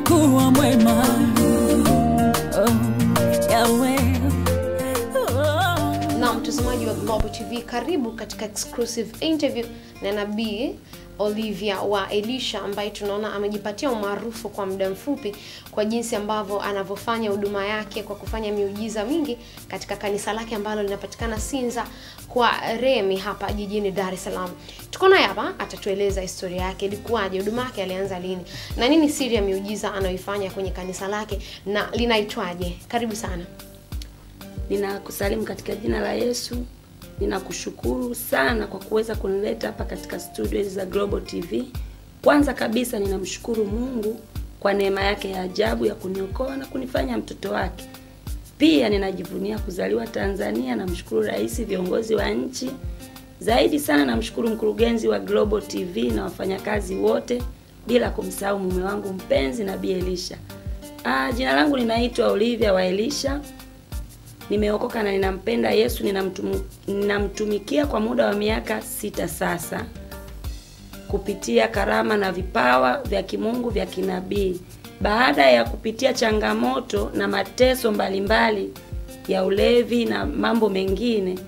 umekuwa mwema oh, na mtazamaji wa Global TV, karibu katika exclusive interview na nabii Olivia wa Elisha ambaye tunaona amejipatia umaarufu kwa muda mfupi kwa jinsi ambavyo anavyofanya huduma yake kwa kufanya miujiza mingi katika kanisa lake ambalo linapatikana Sinza kwa Remi hapa jijini Dar es Salaam. Tuko naye hapa, atatueleza historia yake ilikuwaje, huduma yake alianza lini na nini siri ya miujiza anayoifanya kwenye kanisa lake na linaitwaje. Karibu sana. Ninakusalimu katika jina la Yesu ninakushukuru sana kwa kuweza kunileta hapa katika studio za Global TV. Kwanza kabisa ninamshukuru Mungu kwa neema yake ya ajabu ya kuniokoa na kunifanya mtoto wake. Pia ninajivunia kuzaliwa Tanzania. Namshukuru rais, viongozi wa nchi, zaidi sana namshukuru mkurugenzi wa Global TV na wafanyakazi wote, bila kumsahau mume wangu mpenzi Nabii Elisha. Ah, jina langu linaitwa Olivia wa Elisha nimeokoka na ninampenda Yesu, ninamtumikia ninamtumikia kwa muda wa miaka sita sasa kupitia karama na vipawa vya kimungu vya kinabii. Baada ya kupitia changamoto na mateso mbalimbali mbali ya ulevi na mambo mengine,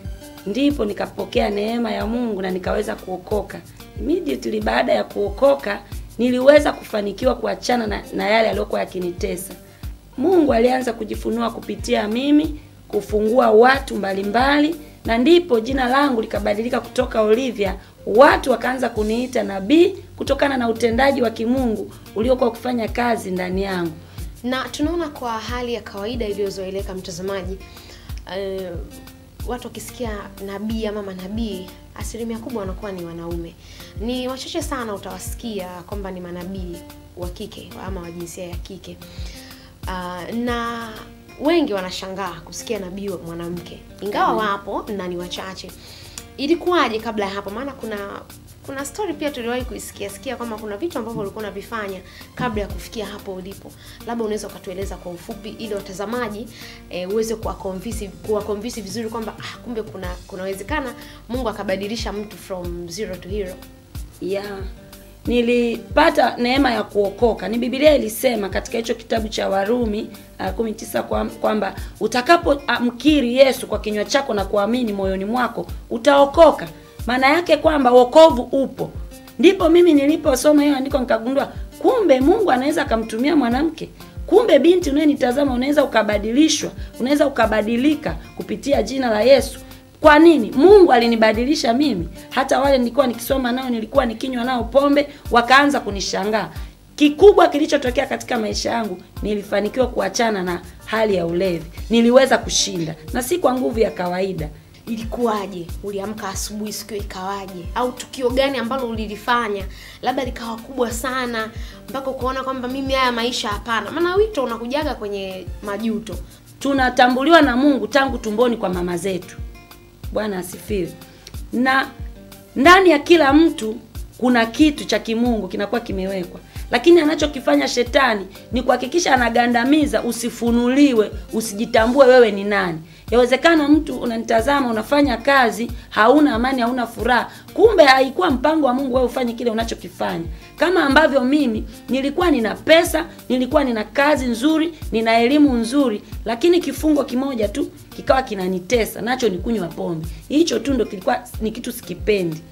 ndipo nikapokea neema ya Mungu na nikaweza kuokoka. Immediately baada ya kuokoka, niliweza kufanikiwa kuachana na, na yale yaliyokuwa yakinitesa. Mungu alianza kujifunua kupitia mimi kufungua watu mbalimbali mbali, na ndipo jina langu likabadilika kutoka Olivia, watu wakaanza kuniita nabii kutokana na utendaji wa kimungu uliokuwa kufanya kazi ndani yangu. Na tunaona kwa hali ya kawaida iliyozoeleka mtazamaji, uh, watu wakisikia nabii ama manabii asilimia kubwa wanakuwa ni wanaume. Ni wachache sana utawasikia kwamba ni manabii wa kike ama wa jinsia ya kike. Uh, na wengi wanashangaa kusikia nabii mwanamke ingawa mm. wapo na ni wachache ilikuwaje kabla ya hapo maana kuna kuna story pia tuliwahi kuisikia sikia kwamba kuna vitu ambavyo ulikuwa unavifanya kabla ya kufikia hapo ulipo labda unaweza ukatueleza kwa ufupi ili watazamaji e, uweze kuwakonvisi kuwakonvisi vizuri kwamba ah, kumbe kuna kunawezekana mungu akabadilisha mtu from zero to hero yeah nilipata neema ya kuokoka. Ni bibilia ilisema katika hicho kitabu cha Warumi uh, 19 kwamba utakapomkiri Yesu kwa kinywa chako na kuamini moyoni mwako utaokoka. Maana yake kwamba wokovu upo. Ndipo mimi niliposoma hiyo andiko nikagundua kumbe Mungu anaweza akamtumia mwanamke kumbe binti unayenitazama unaweza ukabadilishwa unaweza ukabadilika kupitia jina la yesu kwa nini? Mungu alinibadilisha mimi. Hata wale nilikuwa nikisoma nao, nilikuwa nikinywa nao pombe, wakaanza kunishangaa. Kikubwa kilichotokea katika maisha yangu, nilifanikiwa kuachana na hali ya ulevi. Niliweza kushinda na si kwa nguvu ya kawaida. Ilikuwaje? Uliamka asubuhi, sikio ikawaje? Au tukio gani ambalo ulilifanya labda likawa kubwa sana mpaka ukaona kwamba mimi haya maisha hapana? Maana wito unakujaga kwenye majuto. Tunatambuliwa na Mungu tangu tumboni kwa mama zetu. Bwana asifiwe. Na ndani ya kila mtu kuna kitu cha kimungu kinakuwa kimewekwa, lakini anachokifanya shetani ni kuhakikisha anagandamiza, usifunuliwe, usijitambue wewe ni nani. Yawezekana mtu unanitazama, unafanya kazi, hauna amani, hauna furaha, kumbe haikuwa mpango wa Mungu wewe ufanye kile unachokifanya. Kama ambavyo mimi nilikuwa nina pesa, nilikuwa nina kazi nzuri, nina elimu nzuri, lakini kifungo kimoja tu kikawa kinanitesa, nacho ni kunywa pombe. Hicho tu ndo kilikuwa ni kitu sikipendi.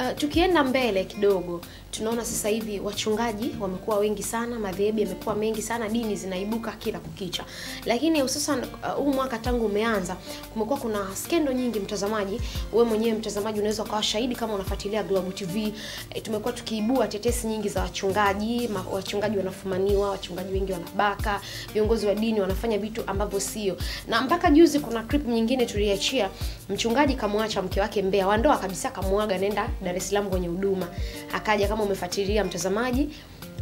Uh, tukienda mbele kidogo tunaona sasa hivi wachungaji wamekuwa wengi sana madhehebu yamekuwa mengi sana dini zinaibuka kila kukicha lakini hususan uh, huu uh, mwaka tangu umeanza kumekuwa kuna skendo nyingi mtazamaji we mwenyewe mtazamaji unaweza ukawa shahidi kama unafuatilia global tv e, eh, tumekuwa tukiibua tetesi nyingi za wachungaji ma, wachungaji wanafumaniwa wachungaji wengi wanabaka viongozi wa dini wanafanya vitu ambavyo sio na mpaka juzi kuna clip nyingine tuliachia mchungaji kamwacha mke wake mbea wandoa kabisa kamwaga naenda dar es salaam kwenye huduma akaja kama umefuatilia mtazamaji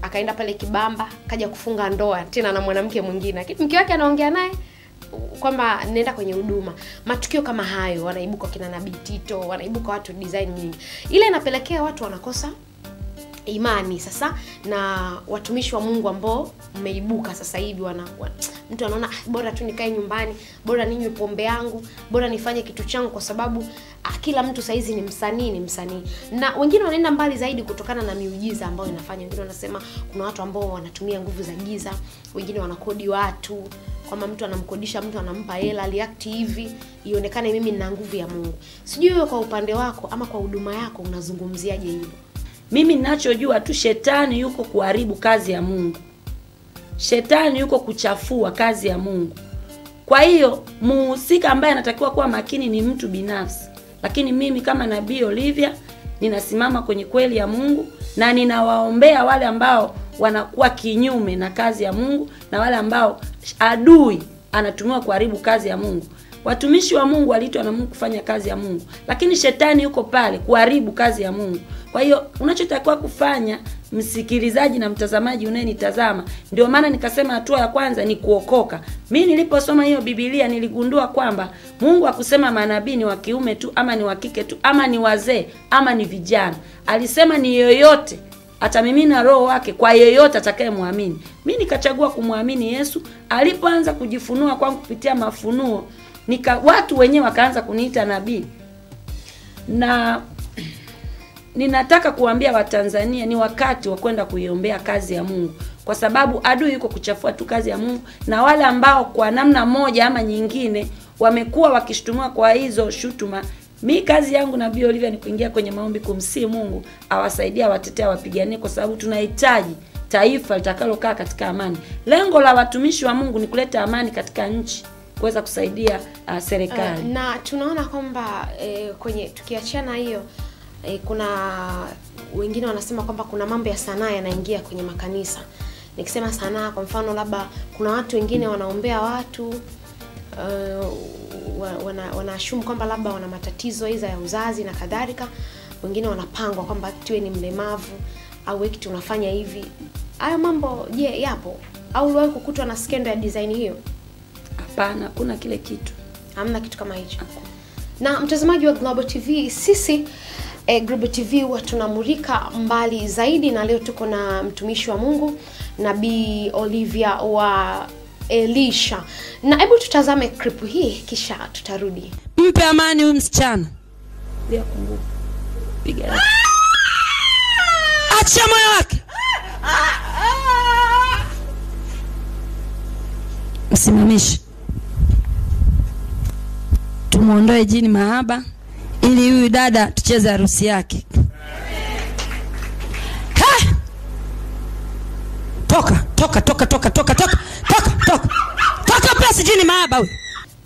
akaenda pale kibamba kaja kufunga ndoa tena na mwanamke mwingine lakini mke wake anaongea naye kwamba nenda kwenye huduma matukio kama hayo wanaibuka kina nabii tito wanaibuka watu design nyingi ile inapelekea watu wanakosa imani sasa na watumishi wa mungu ambao mmeibuka sasa hivi wana, wana mtu anaona ah, bora tu nikae nyumbani bora ninywe pombe yangu bora nifanye kitu changu kwa sababu Ah, kila mtu saizi ni msanii ni msanii na wengine wanaenda mbali zaidi kutokana na miujiza ambayo inafanya wengine wanasema kuna watu ambao wanatumia nguvu za giza wengine wanakodi watu kwamba mtu anamkodisha mtu anampa hela react hivi ionekane mimi nina nguvu ya mungu sijui wewe kwa upande wako ama kwa huduma yako unazungumziaje hilo mimi nachojua tu shetani yuko kuharibu kazi ya mungu shetani yuko kuchafua kazi ya mungu kwa hiyo muhusika ambaye anatakiwa kuwa makini ni mtu binafsi lakini mimi kama nabii Olivia ninasimama kwenye kweli ya Mungu na ninawaombea wale ambao wanakuwa kinyume na kazi ya Mungu na wale ambao adui anatumiwa kuharibu kazi ya Mungu. Watumishi wa Mungu waliitwa na Mungu kufanya kazi ya Mungu, lakini shetani yuko pale kuharibu kazi ya Mungu. Kwa hiyo unachotakiwa kufanya msikilizaji na mtazamaji unayenitazama. Ndio maana nikasema hatua ya kwanza ni kuokoka. Mi niliposoma hiyo bibilia niligundua kwamba Mungu akusema manabii ni wa kiume tu ama ni wa kike tu ama ni wazee ama ni vijana, alisema ni yoyote atamimina roho wake kwa yeyote atakayemwamini. Mi nikachagua kumwamini Yesu. Alipoanza kujifunua kwangu kupitia mafunuo nika, watu wenyewe wakaanza kuniita nabii na ninataka kuambia Watanzania ni wakati wa kwenda kuiombea kazi ya Mungu, kwa sababu adui yuko kuchafua tu kazi ya Mungu, na wale ambao kwa namna moja ama nyingine wamekuwa wakishutumiwa kwa hizo shutuma. Mi kazi yangu na Olivia ni kuingia kwenye maombi, kumsii Mungu awasaidia awatetee, awapiganie, kwa sababu tunahitaji taifa litakalokaa katika amani. Lengo la watumishi wa Mungu ni kuleta amani katika nchi kuweza kusaidia uh, serikali uh, na tunaona kwamba eh, kwenye tukiachana hiyo e, kuna wengine wanasema kwamba kuna mambo ya sanaa yanaingia kwenye makanisa. Nikisema sanaa, kwa mfano, labda kuna watu wengine wanaombea watu uh, wanaashumu wana kwamba labda wana matatizo iza ya uzazi na kadhalika. Wengine wanapangwa kwamba tiwe ni mlemavu au wewe unafanya hivi. Hayo mambo je, yeah, yapo au uliwahi kukutwa na skendo ya design hiyo? Hapana, kuna kile kitu, hamna kitu kama hicho. Na mtazamaji wa Global TV, sisi E, Global TV huwa tunamulika mbali zaidi, na leo tuko na mtumishi wa Mungu Nabii Olivia wa Elisha, na hebu tutazame clip hii kisha tutarudi. Mpe amani huyu msichana, ah! achia moyo wake, msimamishe, tumwondoe jini mahaba ili huyu dada tucheze harusi yake. Ha! Toka toka toka toka toka toka toka toka toka pia sijini maaba huyu.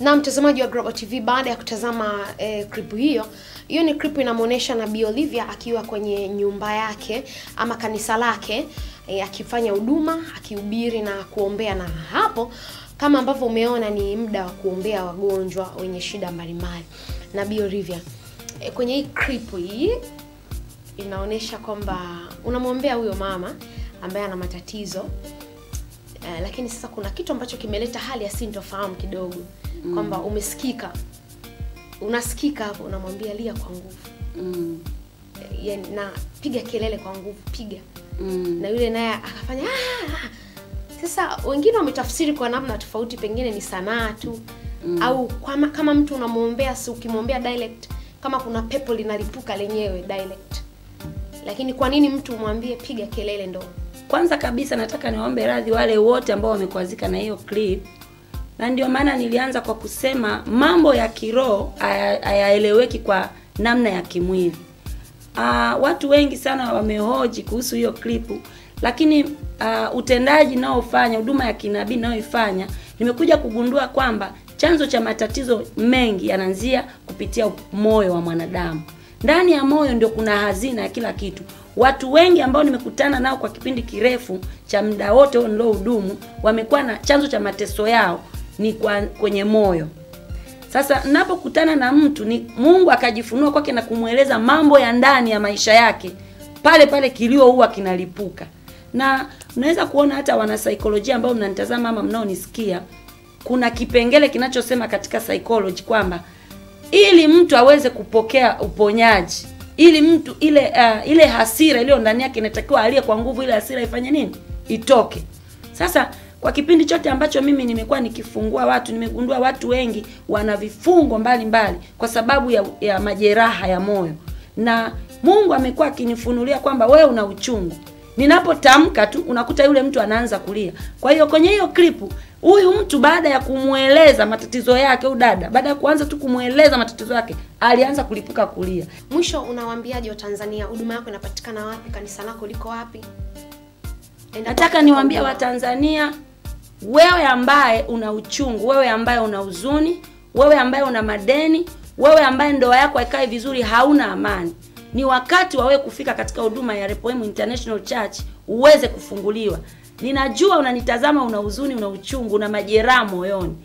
Na mtazamaji wa Global TV, baada ya kutazama eh, klipu hiyo hiyo ni clip inamwonyesha Nabii Olivia akiwa kwenye nyumba yake ama kanisa lake eh, akifanya huduma, akihubiri na kuombea, na hapo kama ambavyo umeona ni muda wa kuombea wagonjwa wenye shida mbalimbali. Nabii Olivia e, kwenye hii clip hii inaonyesha kwamba unamwombea huyo mama ambaye ana matatizo e, lakini sasa kuna kitu ambacho kimeleta hali ya sintofahamu kidogo mm. kwamba umesikika unasikika hapo unamwambia lia kwa nguvu mm. E, na piga kelele kwa nguvu piga mm. na yule naye akafanya ah, ah. sasa wengine wametafsiri kwa namna tofauti pengine ni sanaa tu mm. au kama, kama mtu unamwombea si ukimwombea direct kama kuna pepo linalipuka lenyewe direct. Lakini kwa nini mtu umwambie piga kelele ndo? Kwanza kabisa nataka niwaombe radhi wale wote ambao wamekwazika na hiyo clip, na ndio maana nilianza kwa kusema mambo ya kiroho hayaeleweki kwa namna ya kimwili. Uh, watu wengi sana wamehoji kuhusu hiyo klipu, lakini uh, utendaji naofanya huduma ya kinabii nayoifanya nimekuja kugundua kwamba Chanzo cha matatizo mengi yanaanzia kupitia moyo wa mwanadamu. Ndani ya moyo ndio kuna hazina ya kila kitu. Watu wengi ambao nimekutana nao kwa kipindi kirefu cha muda wote niliohudumu wamekuwa na chanzo cha mateso yao ni kwa, kwenye moyo. Sasa napokutana na mtu ni Mungu akajifunua kwake na kumweleza mambo ya ndani ya maisha yake, pale pale kilio huwa kinalipuka, na unaweza kuona hata wanasaikolojia ambao mnanitazama ama mnaonisikia kuna kipengele kinachosema katika psychology kwamba ili mtu aweze kupokea uponyaji, ili mtu ile uh, ile hasira iliyo ndani yake inatakiwa aliye kwa nguvu, ile hasira ifanye nini? Itoke. Sasa kwa kipindi chote ambacho mimi nimekuwa nikifungua watu, nimegundua watu wengi wana vifungo mbalimbali mbali, kwa sababu ya, ya majeraha ya moyo, na Mungu amekuwa akinifunulia kwamba wewe una uchungu ninapotamka tu unakuta yule mtu anaanza kulia. Kwa hiyo kwenye hiyo klipu huyu mtu baada ya kumweleza matatizo yake huyu dada, baada ya kuanza tu kumweleza matatizo yake, alianza kulipuka kulia. Mwisho unawaambiaje Watanzania? Huduma yako inapatikana wapi? Kanisa lako liko wapi? nataka niwaambie Watanzania, wewe ambaye una uchungu, wewe ambaye una huzuni, wewe ambaye una madeni, wewe ambaye ndoa yako haikae vizuri, hauna amani, ni wakati wawe kufika katika huduma ya Repoemu International Church uweze kufunguliwa. Ninajua unanitazama, una huzuni, una uchungu, una majeraha moyoni.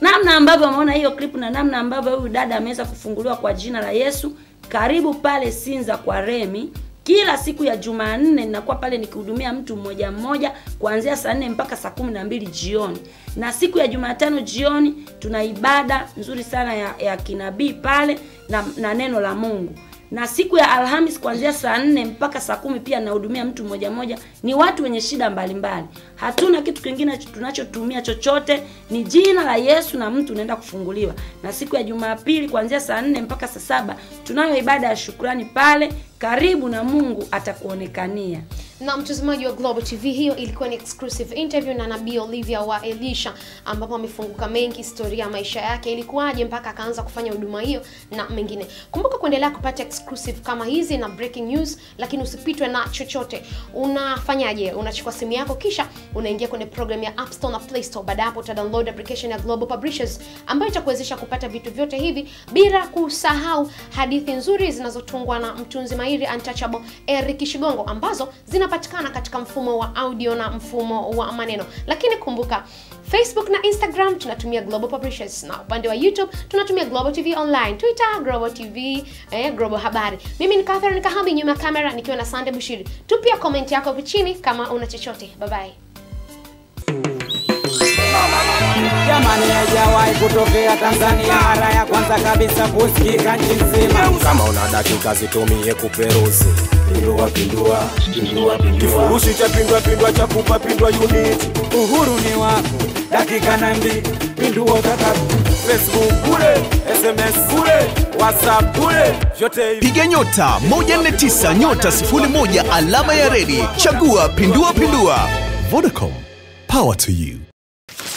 Namna ambavyo umeona hiyo clip na namna ambavyo huyu dada ameweza kufunguliwa kwa jina la Yesu, karibu pale Sinza kwa Remi kila siku ya Jumanne ninakuwa pale nikihudumia mtu mmoja mmoja kuanzia saa nne mpaka saa kumi na mbili jioni, na siku ya Jumatano jioni tuna ibada nzuri sana ya, ya kinabii pale na, na neno la Mungu na siku ya Alhamis kuanzia saa nne mpaka saa kumi pia nahudumia mtu mmoja mmoja. Ni watu wenye shida mbalimbali mbali. Hatuna kitu kingine tunachotumia chochote, ni jina la Yesu na mtu unaenda kufunguliwa. Na siku ya Jumapili kuanzia saa nne mpaka saa saba tunayo ibada ya shukrani pale. Karibu na Mungu atakuonekania. Na mtazamaji wa Global TV, hiyo ilikuwa ni exclusive interview na Nabii Olivia wa Elisha, ambapo amefunguka mengi, historia ya maisha yake ilikuwaje mpaka akaanza kufanya huduma hiyo na mengine. Kumbuka kuendelea kupata exclusive kama hizi na breaking news, lakini usipitwe na chochote. Unafanyaje? Unachukua simu yako kisha unaingia kwenye program ya App Store na Play Store. Baada hapo uta download application ya Global Publishers ambayo itakuwezesha kupata vitu vyote hivi bila kusahau hadithi nzuri zinazotungwa na mtunzi mahiri Untouchable Eric Shigongo ambazo zinapatikana katika mfumo wa audio na mfumo wa maneno. Lakini kumbuka Facebook na Instagram tunatumia Global Publishers na upande wa YouTube tunatumia Global TV Online, Twitter Global TV, eh, Global Habari. Mimi ni Catherine Kahambi nyuma ya kamera nikiwa na Sande Bushiri. Tupia komenti yako chini kama una chochote. Bye bye jamani, hajawahi kutokea Tanzania, mara ya kwanza kabisa kusikika nchi nzima. Kama una dakika zitumie kuperuzi kifurushi cha pindua pindua cha kupa pindua unit. Uhuru ni wako, dakika na mbi pindua utakapo Facebook kule, SMS kule, WhatsApp kule, yote Piga nyota 149 nyota 01 alama ya redi, chagua pindua pindua. Vodacom, power to you.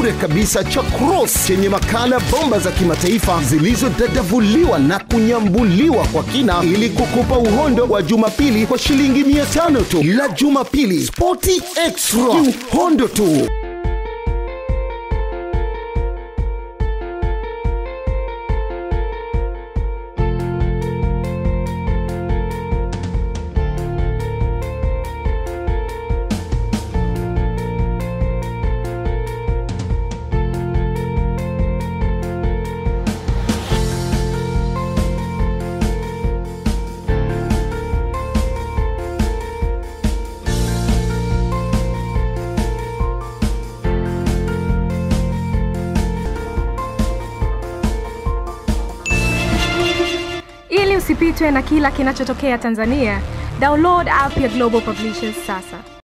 bure kabisa cha Cross chenye makala bomba za kimataifa zilizodadavuliwa na kunyambuliwa kwa kina ili kukupa uhondo wa Jumapili kwa shilingi mia tu. La Jumapili, spoti extra, kiuhondo tu. upitwe na kila kinachotokea Tanzania. Download app ya Global Publishers sasa.